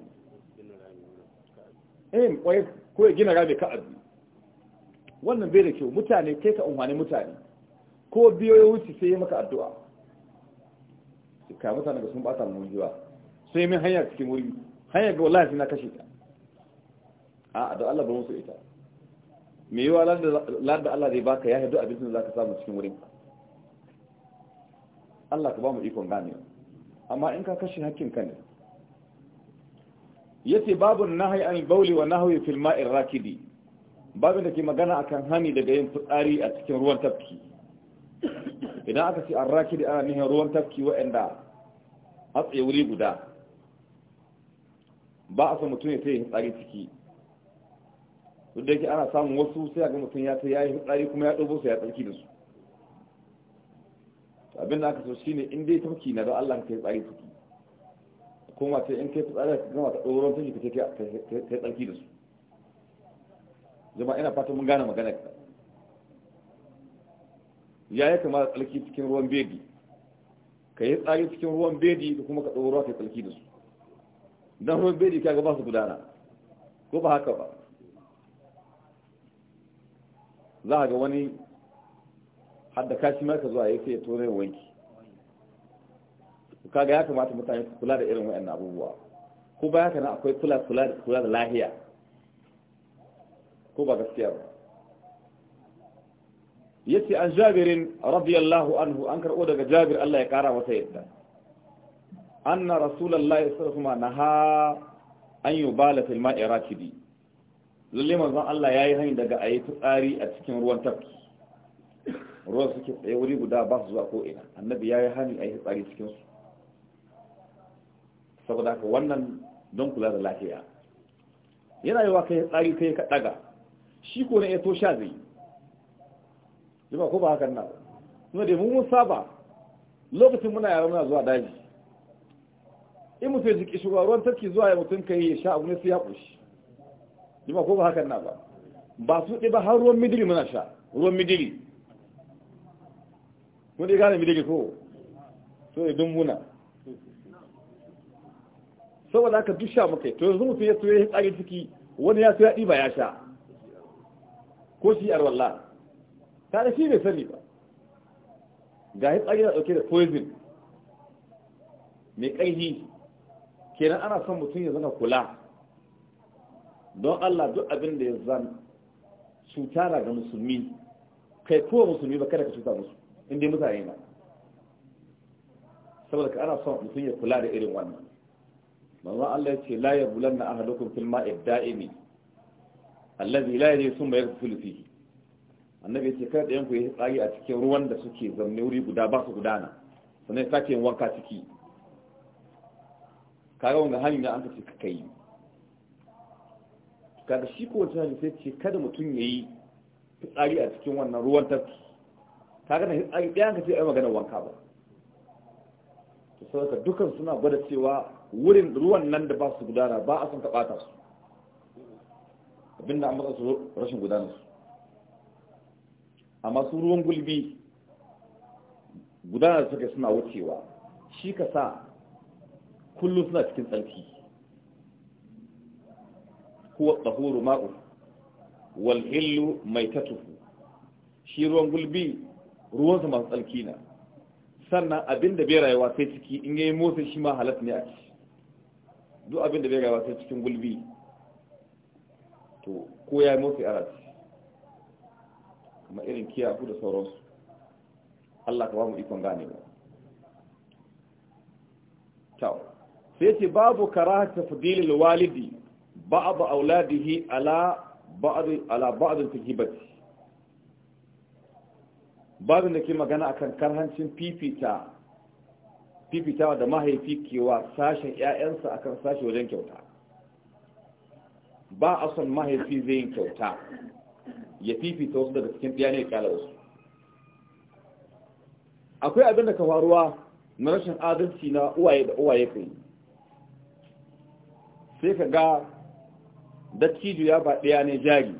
eh ko ya gina gabe ka abu wannan bai da kyau mutane kai ka umarni mutane ko biyo ya wuce sai ya maka addu'a ka mutane ga sun bata mun jiwa sai min hanya cikin wuri hanya ga wallahi na kashe ta A'a, da Allah ba musu ita me yiwa ladda Allah zai baka ya hadu abincin da zaka samu cikin wurin Allah ka ba mu ikon gane amma in ka kashe hakkin ka ne yace babu nahyi an bawli wa nahwi fil ma'ir rakidi babu da ke magana akan hani daga yin fitsari a cikin ruwan tafki idan aka ce arrakidi ana nihin ruwan tafki wa'anda hatsaye wuri guda ba a san mutum ya sai fitsari ciki duk da yake ana samun wasu sai a ga mutum ya ta yayi hudari kuma ya dubo sai ya tsarki da su abin da aka so shine in dai tafki na da Allah ka kai tsari tafki kuma sai in kai tsari ka gama ta doron take kake kai tsarki da su jama'a ina fata mun gane magana ya ya kamar tsarki cikin ruwan bedi ka yi tsari cikin ruwan bedi da kuma ka ɗau ka tsarki da su don ruwan bedi ka ga ba su gudana ko ba haka ba za a ga wani hadda kashi maka zuwa ya sai ya tone wanki kaga ya kamata mutane su kula da irin wa'annan abubuwa ko ba haka nan akwai kula da kula da lahiya ko ba gaskiya ba yace an jabirin radiyallahu anhu an karbo daga jabir Allah ya kara masa yadda anna rasulullahi sallallahu alaihi wasallam naha an yubala fil ma'i rakidi lalle manzon Allah ya yi hanyar daga a yi a cikin ruwan tafki ruwan suke tsaye wuri guda ba su zuwa ko'ina annabi ya yi hani a yi cikin cikinsu saboda haka wannan don kula da lafiya yana yi wa kai tsari kai ka daga shi ko na ya to sha zai yi ba ko ba hakan na kuma da mun saba lokacin muna yara muna zuwa daji in mutum ya jiki shugaban ruwan tafki zuwa ya mutum kai ya sha abu ne sai ya ƙushi jima ko ba hakan na ba ba su ɗi ba har ruwan midiri muna sha ruwan midiri mun ɗi gane midiri ko so ya muna saboda aka duk sha muka to yanzu mutum ya tsoye ya tsage ciki wani ya tsoye ba ya sha ko shi arwallah ta da shi bai sani ba ga ya tsage na ɗauke da poison mai ƙaihi kenan ana son mutum ya zana kula don Allah duk abin da ya zan cuta na ga musulmi kai kowa musulmi ba kada ka cuta musu inda mutane na saboda ka ana son mutum ya kula da irin wannan manzon Allah ya ce la bulan na ahadukum filma ma'i da'imi zai la ne sun bayar fihi annabi ya ce kada da yanku ya tsari a cikin ruwan da suke zamne wuri guda ba su gudana sannan ya sake yin wanka ciki kaga wanga hanyar an ka ce ka kai kada shi ko wata hadisi ce kada mutum ya yi fitsari a cikin wannan ruwan tafki kaga na fitsari ɗaya ka ce ai magana wanka ba saboda dukan suna gwada cewa wurin ruwan nan da ba su gudana ba a san ka bata su abinda an matsa su rashin gudanar su amma su ruwan gulbi gudanar suka suna wucewa shi ka sa kullum suna cikin tsarki huwa tahuru ma'u wal hillu maitatuhu shi ruwan gulbi ruwansa masu tsarki na sannan abin da bai rayuwa sai ciki in yayi motsa shi ma halat ne a ci duk abin da bai rayuwa sai cikin gulbi ko ya motsa ara ci kamar irin kiyafu da sauransu Allah ka ba ikon gane ba tau babu karahar tafdilil walidi ba auladihi ala ba'd ala ba'd tijibati babin da ke magana akan karhancin fifita fifitawa da mahaifi kewa sashen ‘ya'yansa akan sashe wajen kyauta ba a son mahaifi zai yin kyauta ya fifita wasu daga cikin ɗaya ne ƙyala wasu akwai abin ka faruwa na rashin adalci na uwaye da uwaye kai sai ka ga dattijo ya ba ya ne jari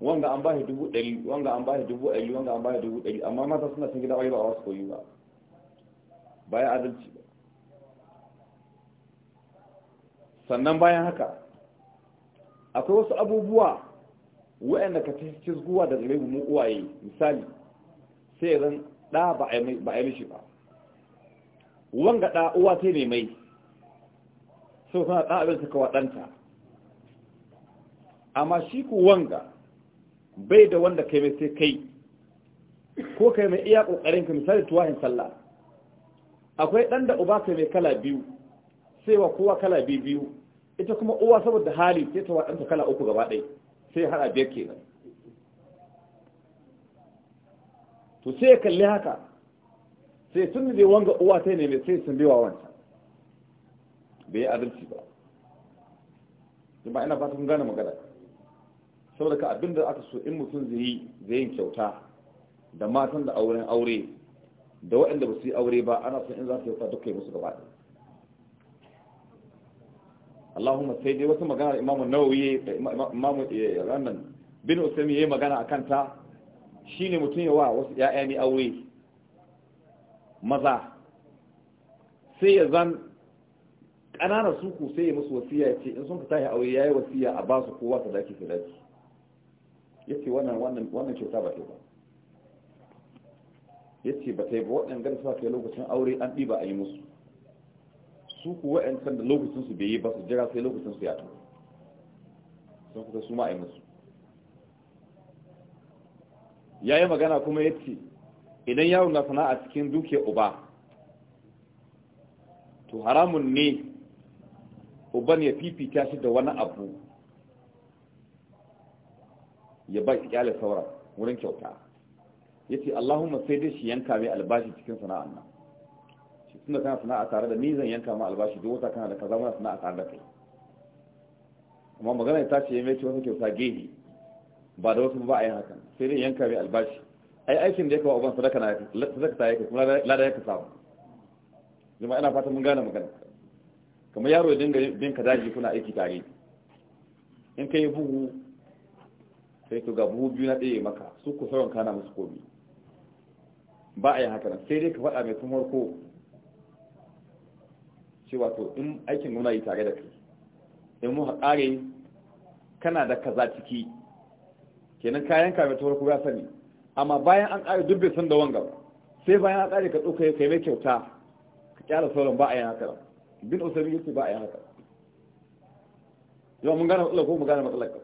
wanga an bashi dubu ɗari wanga an bashi dubu ɗari wanga an bashi dubu ɗari amma mata suna cin gida ba a wasu koyi ba bayan adalci ba sannan bayan haka akwai wasu abubuwa waɗanda ka ci zuwa da gare mu uwaye misali sai zan ɗa ba a yi mishi ba wanga ɗa uwa ta ne mai sau suna ɗa abin suka waɗanta amma shi ku wanga bai da wanda kai mai sai kai ko kai mai iya kokarin ka misali tuwahin sallah akwai dan da uba kai mai kala biyu sai wa kowa kala biyu biyu ita kuma uwa saboda hali sai ta wadanta kala uku gaba ɗaya sai hada biyar kenan to sai ya kalli haka sai tun da wanga uwa ta ne mai sai sun biwa wancan bai yi adalci ba ba ina fata kun gane magana saboda ka abinda aka so in mutum zai yi zai yin kyauta da matan da auren aure da waɗanda ba su yi aure ba ana son in za su kyauta duka yi musu gaba ɗaya Allahumma sai dai wata magana imamu Nawawi Imam Ranan bin Usaymi yayi magana akan ta shine mutum ya wa wasu ƴaƴa ne aure maza sai ya zan ƙananan suku sai ya musu wasiya ce in sun ka ya aure yi wasiya a ba su kowa ta dake ta dake ya ce wannan kyauta ba ta ba ya ce ba ta yi ba waɗanda da suka yi lokacin aure an ɗiba a yi musu su kuwa kan da lokacinsu bai yi ba su jira sai lokacinsu ya ta sun kuka su ma a yi musu ya yi magana kuma ya ce idan yawon na sana'a cikin duke uba to haramun ne uban ya fifita shi da wani abu ya ba ki kyale saura wurin kyauta Ya yace Allahumma sai dai shi yanka mai albashi cikin sana'an nan shi tunda kana sana'a tare da ni zan yanka ma albashi duk wata kana da kaza wani sana'a tare da kai amma magana ta ce ya mece wata kyauta gehi ba da wasu ba a yi hakan sai dai yanka mai albashi ai aikin da ya kawo uban sadaka na sadaka ta yake kuma lada yanka samu Zama ina fata mun gane magana kamar yaro ya dinga bin ka daji kuna aiki tare in ka yi bugu sai to ga buhu biyu na ɗaya maka su ku sauran kana musu komi ba a yi haka nan sai dai ka faɗa mai tumar ko cewa to in aikin nuna yi tare da kai in mu haƙare kana da kaza ciki kenan kayan ka mai tumar ko ya sani amma bayan an ƙare duk bai san da wanga sai bayan an ƙare ka ɗauka kai mai kyauta ka kyara sauran ba a yi haka nan bin usari yake ba a yi haka yau mun gane matsalar ko mun gane matsalar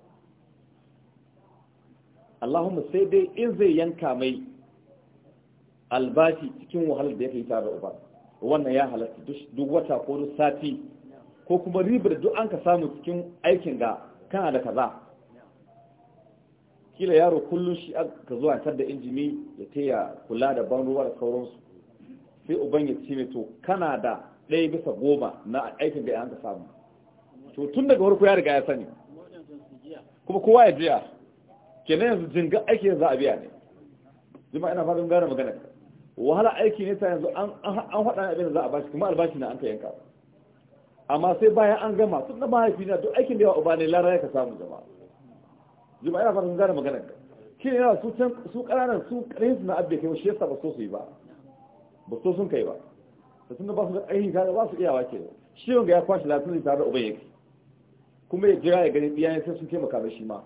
Allahumma sai dai in zai yanka mai albashi cikin wahalar da ya kai tare da uba wannan ya halatta duk wata ko duk sati ko kuma ribar duk an ka samu cikin aikin ga kana da kaza kila yaro kullum shi ka zuwa tar da injimi ya taya kula da ban ruwa da sauransu sai uban ya ce to kana da ɗaya bisa goma na aikin da ya an ka samu to tun daga farko ya riga ya sani kuma kowa ya jiya kenan yanzu jinga aiki yanzu a biya ne jima ina fadin gane magana wahala aiki ne ta yanzu an haɗa abin da za a bashi kuma albashi na an ta yanka amma sai bayan an gama sun na mahaifi na duk aikin da yawa uba ne lara ka samu jama jima ina fadin gane magana shi ne yana su ƙananan su ƙarfin su na abin kai shi yasa ba so su yi ba ba so sun kai ba da sun da ba su ga aiki kada ba su iyawa ke shi wanga ya kwashe latin da tare da uban yake kuma ya jira ya gani biya sai sun taimaka da shi ma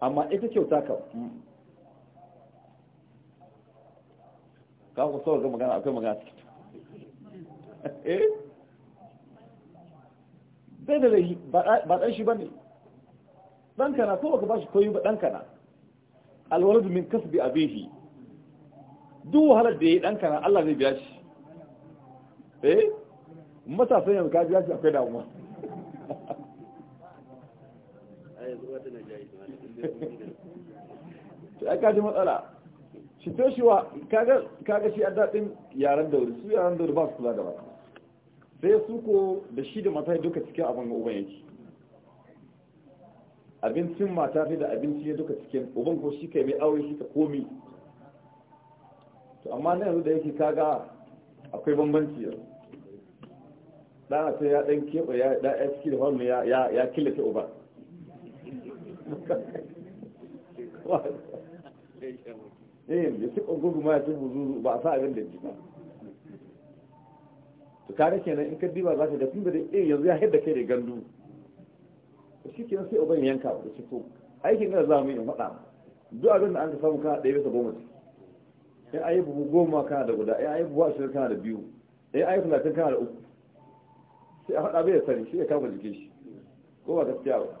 amma ita kyauta mm. ka kawo ku ga magana akwai magana cikin eh zai da rai ba ɗan shi ba ne ɗanka na so ka ba shi koyi ba ɗanka na alwaladu min kasbi bihi duk wahalar da ya yi ɗanka kana Allah zai biya shi eh matasan yanzu ka biya shi akwai damuwa to ai kaji matsala shi to shi wa kaga shi a daɗin yaren wuri su yaren wuri ba su kula da ba sai su ko da shi da mata duka cikin abin uban yake abincin mata fi da abinci ya duka cikin uban ko shi kai mai aure shi ka komi to amma na yanzu da yake kaga akwai bambanci yau ɗana sai ya ɗan keɓe ya ɗaya ciki da hannu ya killace uban eh da suka gudu ma ya ce buzu ba a sa abin da ji ba to kare kenan in ka diba za ka ga tunda da eh yanzu ya hidda kai da gandu to shi kenan sai uban yanka da shi ko aikin da za mu yi faɗa duk abin da an ka samu kana ɗaya bisa goma ce in ayi buhu goma kana da guda in ayi buhu ashirin kana da biyu in ayi talatin kana da uku sai a faɗa bai da sani shi ya kama jikin shi ko ba gaskiya ba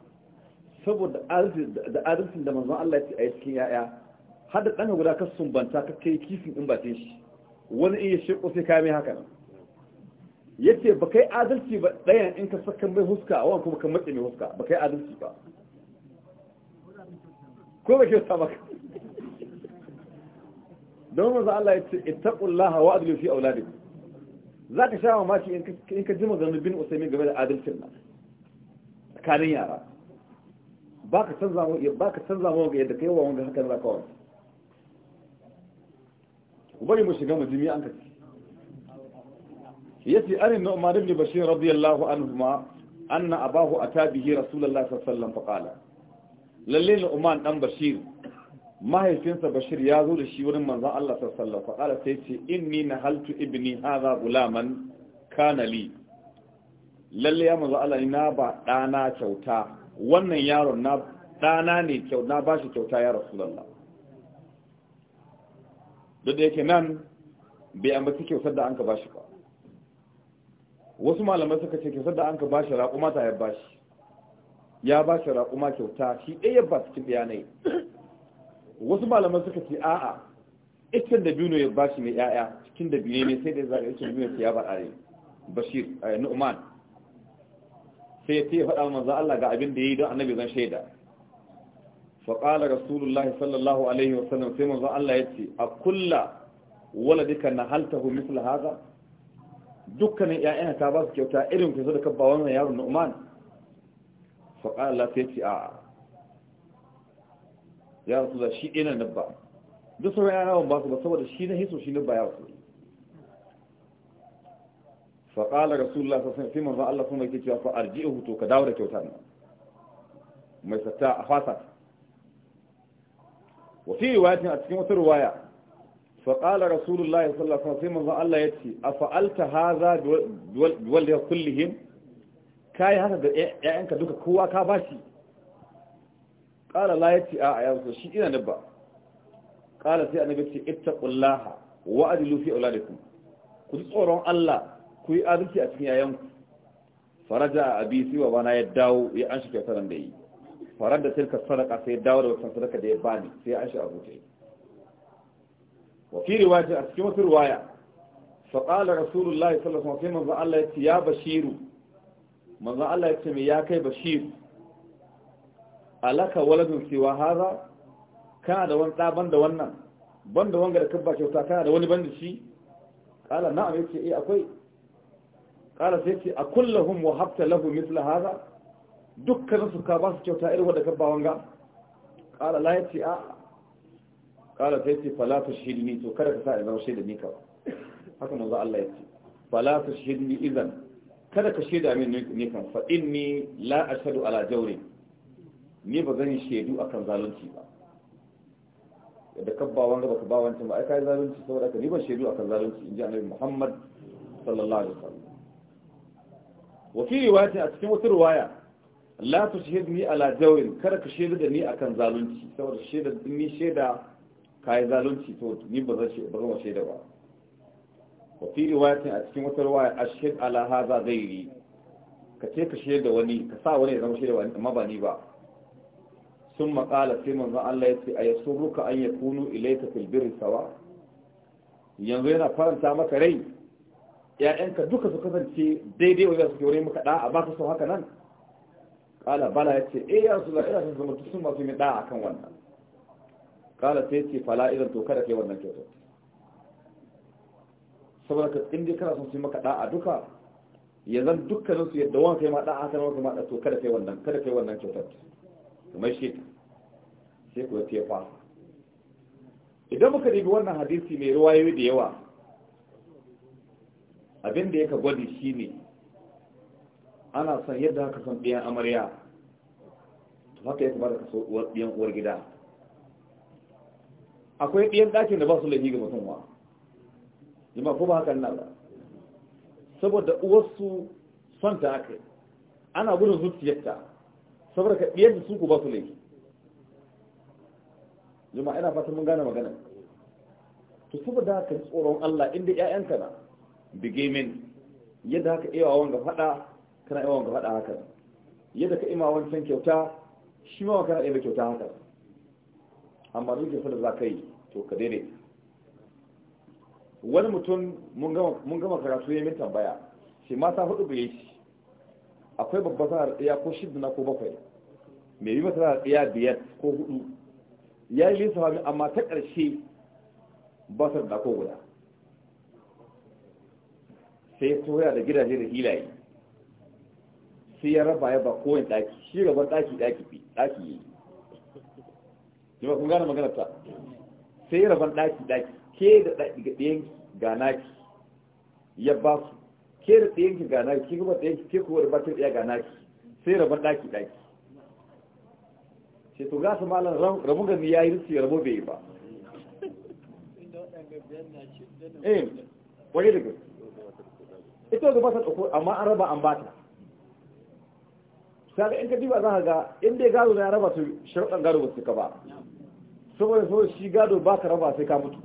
saboda da adalcin da manzon Allah ya yi cikin yaya har da ɗan guda ka sumbanta ka kai kifin in batin shi wani iya shirko sai kame haka nan ya ce ba kai adalci ba ɗaya in ka saka mai huska a wani kuma kan matse mai huska ba kai adalci ba ko ba sa ba don manzo Allah ya ce ittaqullaha wa adlu fi auladikum zaka sha mamaki in ka ji zanubin bin Usaimin game da adalcin nan tsakanin yara ba ka canza mu yadda ka canza mu ga yadda wa wanga hakan zaka wani ku bari mu shiga mujimi an kace yace arin nu'man ibn bashir radiyallahu anhuma anna abahu atabihi rasulullahi sallallahu alaihi wasallam faqala lalle nu'man dan bashir mahaifinsa bashir ya zo da shi wurin manzon Allah sallallahu alaihi wasallam faqala sai ce inni nahaltu ibni hadha gulaman kana li lalle ya manzo Allah ni na ba dana kyauta wannan yaron na ɗana ne kyau na ba shi kyauta ya rasulallah duk da yake nan bai ambaci kyautar da an ka ba shi ba wasu malamai suka ce kyautar da an ka ba shi raƙuma ta ya ba shi ya ba shi raƙuma kyauta shi ɗaya ba cikin yanayi wasu malamai suka ce a'a ikin da biyu ya ba shi mai 'ya'ya cikin da biyu ne sai da ya zaɓi ikin da biyu ya ba ɗare bashir a eh, nu'man sai ya taya faɗa Allah ga abin da ya yi don annabi zan shaida faƙala rasulullahi sallallahu alaihi wasallam sai manzan Allah ya ce a kulla wala duka na haltahu misal haza dukkanin ‘ya'yana ta ba su kyauta irin kusa da kabba wannan yaron na umar faƙala Allah sai ce a ya rasu da shi ɗina nabba duk sauran yaron ba su ba saboda shi na hiso shi ba ya rasu fa qala rasulullah sallallahu alaihi wasallam Allah kuma yake cewa fa arji'uhu hutu ka dawo da kyauta nan mai satta a fasa wa fi riwayatin a cikin wata riwaya fa qala rasulullah sallallahu alaihi Allah ya ce a fa'alta haza duwal da Ka yi haka ga ƴaƴanka duka kowa ka bashi qala la ce a ya shi ina dabba qala sai annabi ce ittaqullaha wa adilu fi auladikum ku tsoron Allah ku yi adalci a cikin yayanku faraja a abi sai babana ya dawo ya an shi kyautar da yi farar da tilka sadaka sai dawo da wata sadaka da ya bani sai an shi a rute wa fi a cikin wasu riwaya fa qala rasulullahi sallallahu alaihi wasallam manzo Allah ya ce ya bashiru manzo Allah ya ce me ya kai bashiru alaka waladun siwa hada kana da wani ɗaban da wannan banda wanga da kabba kyauta kana da wani banda shi kala na'am yace eh akwai ƙara sai ce a kullahum wa hafta lahu misla haza dukkanin su ka ba su kyauta irin wadda ka ba ƙara la ya ce a ƙara sai ce fala ta shirni to kada ka sa ya zama shaida ni kawai haka manzo Allah ya ce fala ta shirni idan kada ka shaida min ni kan fa inni la ashhadu ala jawri ni ba zan yi shaidu akan zalunci ba da kabbawan gaba ka ba wancan ba ai kai zalunci saboda ka ni ban shaidu akan zalunci in inji annabi Muhammad sallallahu alaihi wasallam wafi riwaya a cikin wata riwaya la tushhidni ala jawrin kada ka shaida da ni akan zalunci saboda shaida ni shaida kai zalunci to ni ba zan ba zan shaida ba wafi riwaya a cikin wata riwaya ashhad ala hadha ghairi ka ce ka shaida wani ka sa wani ya zama shaida wani amma ba ni ba sun maƙala sai manzon Allah ya ce a ya sun ruka an ya kunu ilaita filbiri sawa yanzu yana faranta maka rai ‘ya'yanka duka su kasance daidai wajen su kyore muka ɗa'a ba su son haka nan ƙala bala ya ce e ya su la'ira sun zama sun masu mai ɗa'a kan wannan ƙala sai ce fala idan to kada ke wannan kyautar saboda ka inda kana sun su maka ɗa'a duka ya zan dukkanin su yadda wani kai ma ɗa'a kan wani ma ɗa to kada kai wannan kada ke wannan kyautar kamar shi sai ku ya fa idan muka ɗibi wannan hadisi mai ruwayoyi da yawa abin da ka gwadi shine ana san yadda haka san biyan amarya to haka ya kamata ka so biyan uwar gida akwai biyan ɗakin da ba su laifi ga mutum wa jima ko ba haka nan ba saboda uwarsu son ta aka ana gudun zuciyarta saboda ka biyar da su ku ba su laifi jima ina fatan mun gane magana to saboda ka tsoron Allah inda ƴaƴanka na min. yadda haka iya wanga fada kana iya wanga fada haka yadda ka ima wancan kyauta shi ma kana iya kyauta haka amma duk da za ka yi to ka daidai wani mutum mun gama karatu ya min tambaya shi mata hudu bai shi akwai babba sanar ɗaya ko shidda na ko bakwai mai yi masa sanar biyar ko hudu ya yi lisa amma ta ƙarshe ba sanar da ko guda sai ya tura da gidaje da hilaye sai ya raba ya ba kowane ɗaki shi gaban ɗaki ɗaki fi ɗaki yi jima kun gane magana ta sai ya raban ɗaki ɗaki ke da ɗayan ga naki ya ba su ke da ɗayan ganaki ga naki ki ɗayan ke kuwa da bakin ɗaya ga sai raban ɗaki ɗaki sai to gasa malam rabon gani ya yi rufi rabo bai yi ba eh kwaye da gaske ita ga ba ta tsoko amma an raba an ba ta in ka diba za ka ga in dai gado na raba su sharuɗan gado ba su ka ba saboda saboda shi gado ba ka raba sai ka mutu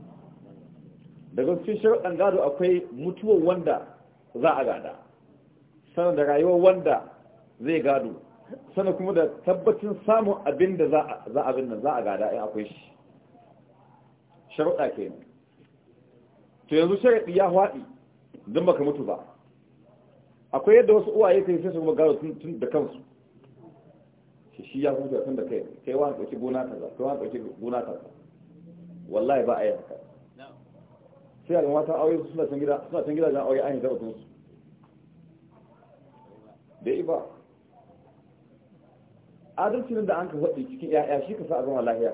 daga cikin sharuɗan gado akwai mutuwar wanda za a gada sannan da rayuwar wanda zai gado sannan kuma da tabbacin samun abin da za abin nan za a gada in akwai shi sharuɗa ke to yanzu sharaɗi ya haɗi don baka mutu ba akwai yadda wasu uwaye kai sai su kuma gano tun da kansu shi shi ya huta tun da kai kai wani tsaki gona za kai wani tsaki gona za wallahi ba a yi haka sai a ta aure su suna can gida suna can gida jan aure an yi zaɓa su da iba adalcin da an ka faɗi cikin ya'ya shi ka sa a zama lahiya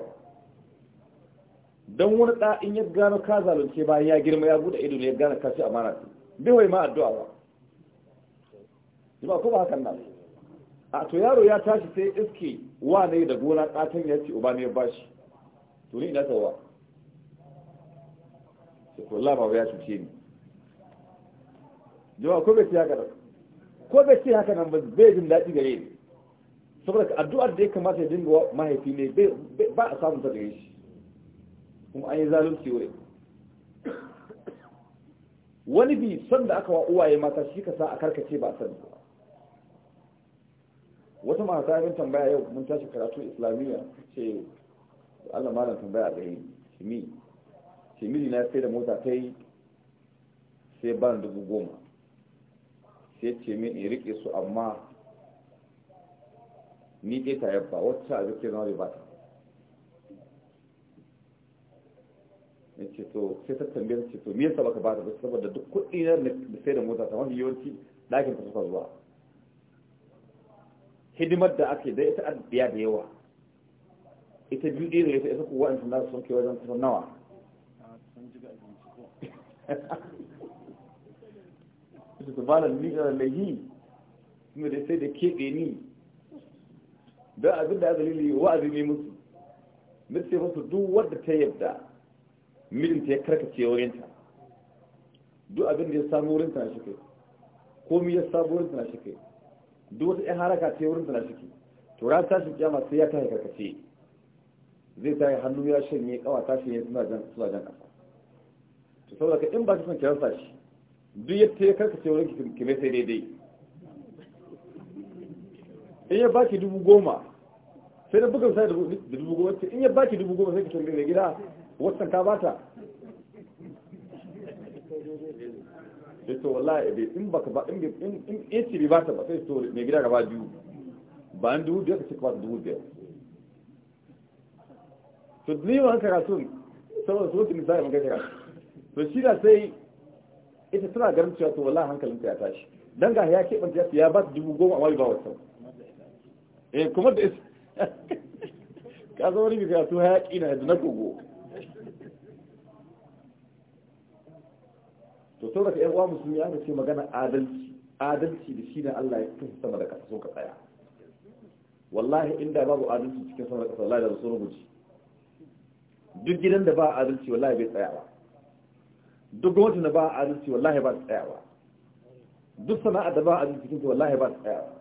don wani ɗa in ya gano ka zalunce bayan ya girma ya buɗe ido ne ya gano ka ce amana ce bai wai ma addu'a ba jama'a ko ba hakan nan a to yaro ya tashi sai iske wa ne da gona katan ya ce uba ne ya bashi to ni ina tsawa to ko ya cuce ni jama'a ko bai ce haka ko bai ce haka nan ba zai jin daɗi gare ni saboda addu'ar da ya kamata ya dinga mahaifi ne ba a samun ta gare shi kuma an yi zalunci wurin wani bi son da aka wa uwaye mata shi ka sa a karkace ba sani wata masu yin tambaya yau mun tashi karatu islamiyya ce allah malam tambaya a gare shimi shimi na sai da mota ta yi sai ban dubu goma sai ce min in rike su amma ni ke ta yabba wacce a zikin zama ba bata ya ce to sai ta tambayar ce to me yasa baka ba ta saboda duk kuɗi na sai da mota ta wani yawanci ɗakin ta suka zuwa hidimar da ake da ita addiya da yawa ita biyu ɗaya da ita isa kuwa in suna sun kai wajen kusan nawa su ba da liga da lahi kuma da sai da keɓe ni don abin da azalili wa'azi ne musu mai mace musu duk wadda ta yadda mijinta ya karkace wurinta duk abin da ya samu wurinta na shi kai komi ya samu wurinta na shi kai duk wata ɗan haraka ce wurin tana ciki to ran tashin kiyama sai ya tashi karkace zai tashi hannu ya shanye kawa tashi ya suna jan suna jan kasa to saboda ka in ba ka son kiran sashi duk yadda ya karkace wurin ki kime sai daidai in ya baki dubu goma sai da buga sai da dubu goma in ya baki dubu goma sai ka tambaye gida wasan ka bata sai to wallahi bai eh, in baka ba in in in ci ba ta ba sai to mai gida gaba biyu ba an dubu biyar ka ci ta dubu biyar to ni wani karatun saboda su wuce misali maka karatu to shi da sai ita tana garin cewa to wallahi hankalinta ya tashi dan ga ya keɓanta ta ya ba ta dubu goma amma ba wata eh kuma da ka zo wani bi karatu hayaƙi na yadda na gogo to saboda yan uwa musulmi aka ce magana adalci adalci da shi ne Allah ya kusa sama da ƙasa, so ka tsaya wallahi inda babu adalci cikin sama da kasa wallahi da rasul rubuci duk gidan da ba adalci wallahi bai tsayawa duk gwamnati da ba adalci wallahi ba tsayawa duk sana'a da ba adalci cikin wallahi ba tsayawa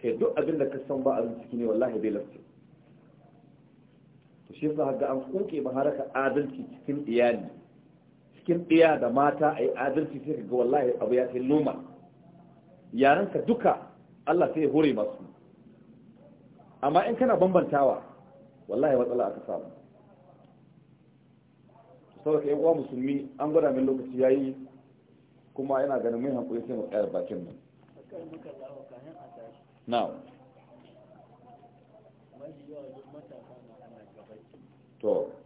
kai duk abin da ka san ba adalci cikin ne wallahi bai lafiya to shi yasa ga an kuke maharaka adalci cikin iyali cikin ɗiya da mata a yi adalci sai ka ga wallahi abu ya sai noma yaranka duka Allah sai ya hore masu amma in kana bambantawa wallahi matsala aka samu saboda yan uwa musulmi an gwada min lokaci yayi kuma yana ganin mun hankuri sai mu tsaya bakin nan now to